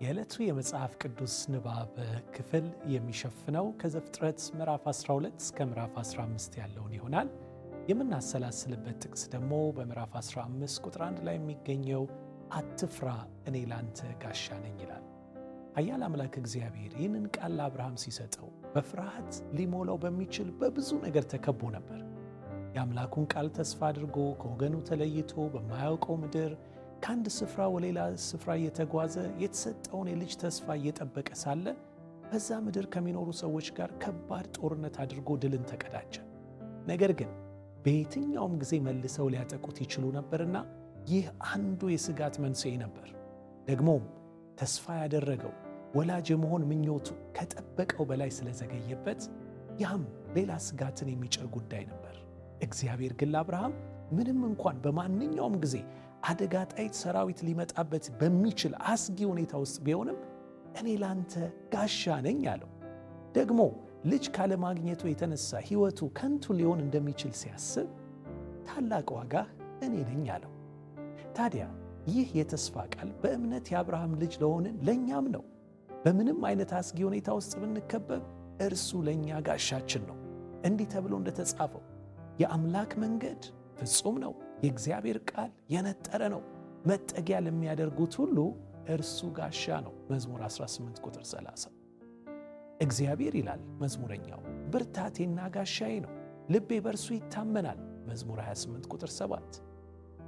የዕለቱ የመጽሐፍ ቅዱስ ንባብ ክፍል የሚሸፍነው ከዘፍጥረት ምዕራፍ 12 እስከ ምዕራፍ 15 ያለውን ይሆናል። የምናሰላስልበት ጥቅስ ደግሞ በምዕራፍ 15 ቁጥር 1 ላይ የሚገኘው አትፍራ፣ እኔ ላንተ ጋሻ ነኝ ይላል። ኃያል አምላክ እግዚአብሔር ይህንን ቃል ለአብርሃም ሲሰጠው በፍርሃት ሊሞላው በሚችል በብዙ ነገር ተከቦ ነበር። የአምላኩን ቃል ተስፋ አድርጎ ከወገኑ ተለይቶ በማያውቀው ምድር ከአንድ ስፍራ ወሌላ ስፍራ እየተጓዘ የተሰጠውን የልጅ ተስፋ እየጠበቀ ሳለ በዛ ምድር ከሚኖሩ ሰዎች ጋር ከባድ ጦርነት አድርጎ ድልን ተቀዳጀ። ነገር ግን በየትኛውም ጊዜ መልሰው ሊያጠቁት ይችሉ ነበርና ይህ አንዱ የስጋት መንስኤ ነበር። ደግሞም ተስፋ ያደረገው ወላጅ የመሆን ምኞቱ ከጠበቀው በላይ ስለዘገየበት ያም ሌላ ስጋትን የሚጭር ጉዳይ ነበር። እግዚአብሔር ግን ለአብርሃም ምንም እንኳን በማንኛውም ጊዜ አደጋ ጣይት ሰራዊት ሊመጣበት በሚችል አስጊ ሁኔታ ውስጥ ቢሆንም እኔ ላንተ ጋሻ ነኝ አለው። ደግሞ ልጅ ካለማግኘቱ የተነሳ ሕይወቱ ከንቱ ሊሆን እንደሚችል ሲያስብ ታላቅ ዋጋ እኔ ነኝ አለው። ታዲያ ይህ የተስፋ ቃል በእምነት የአብርሃም ልጅ ለሆንን ለእኛም ነው። በምንም አይነት አስጊ ሁኔታ ውስጥ ብንከበብ እርሱ ለእኛ ጋሻችን ነው። እንዲህ ተብሎ እንደተጻፈው የአምላክ መንገድ ፍጹም ነው የእግዚአብሔር ቃል የነጠረ ነው። መጠጊያ ለሚያደርጉት ሁሉ እርሱ ጋሻ ነው። መዝሙር 18 ቁጥር 30 እግዚአብሔር ይላል መዝሙረኛው ብርታቴና ጋሻዬ ነው፣ ልቤ በእርሱ ይታመናል። መዝሙር 28 ቁጥር 7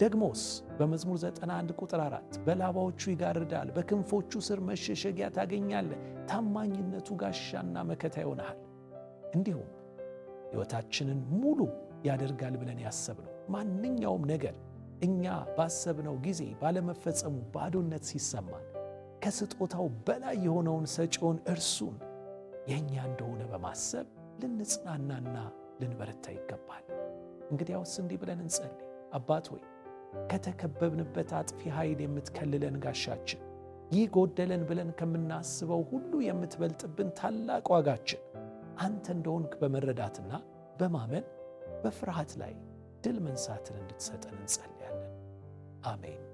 ደግሞስ በመዝሙር 91 ቁጥር 4 በላባዎቹ ይጋርዳል፣ በክንፎቹ ስር መሸሸጊያ ታገኛለህ፣ ታማኝነቱ ጋሻና መከታ ይሆናል። እንዲሁም ሕይወታችንን ሙሉ ያደርጋል ብለን ያሰብነው ማንኛውም ነገር እኛ ባሰብነው ጊዜ ባለመፈጸሙ ባዶነት ሲሰማን ከስጦታው በላይ የሆነውን ሰጪውን እርሱን የእኛ እንደሆነ በማሰብ ልንጽናናና ልንበረታ ይገባል። እንግዲያውስ እንዲህ ብለን እንጸልይ። አባት ሆይ ከተከበብንበት አጥፊ ኃይል የምትከልለን ጋሻችን፣ ይህ ጎደለን ብለን ከምናስበው ሁሉ የምትበልጥብን ታላቅ ዋጋችን አንተ እንደሆንክ በመረዳትና በማመን በፍርሃት ላይ ድል መንሳትን እንድትሰጠን እንጸልያለን። አሜን።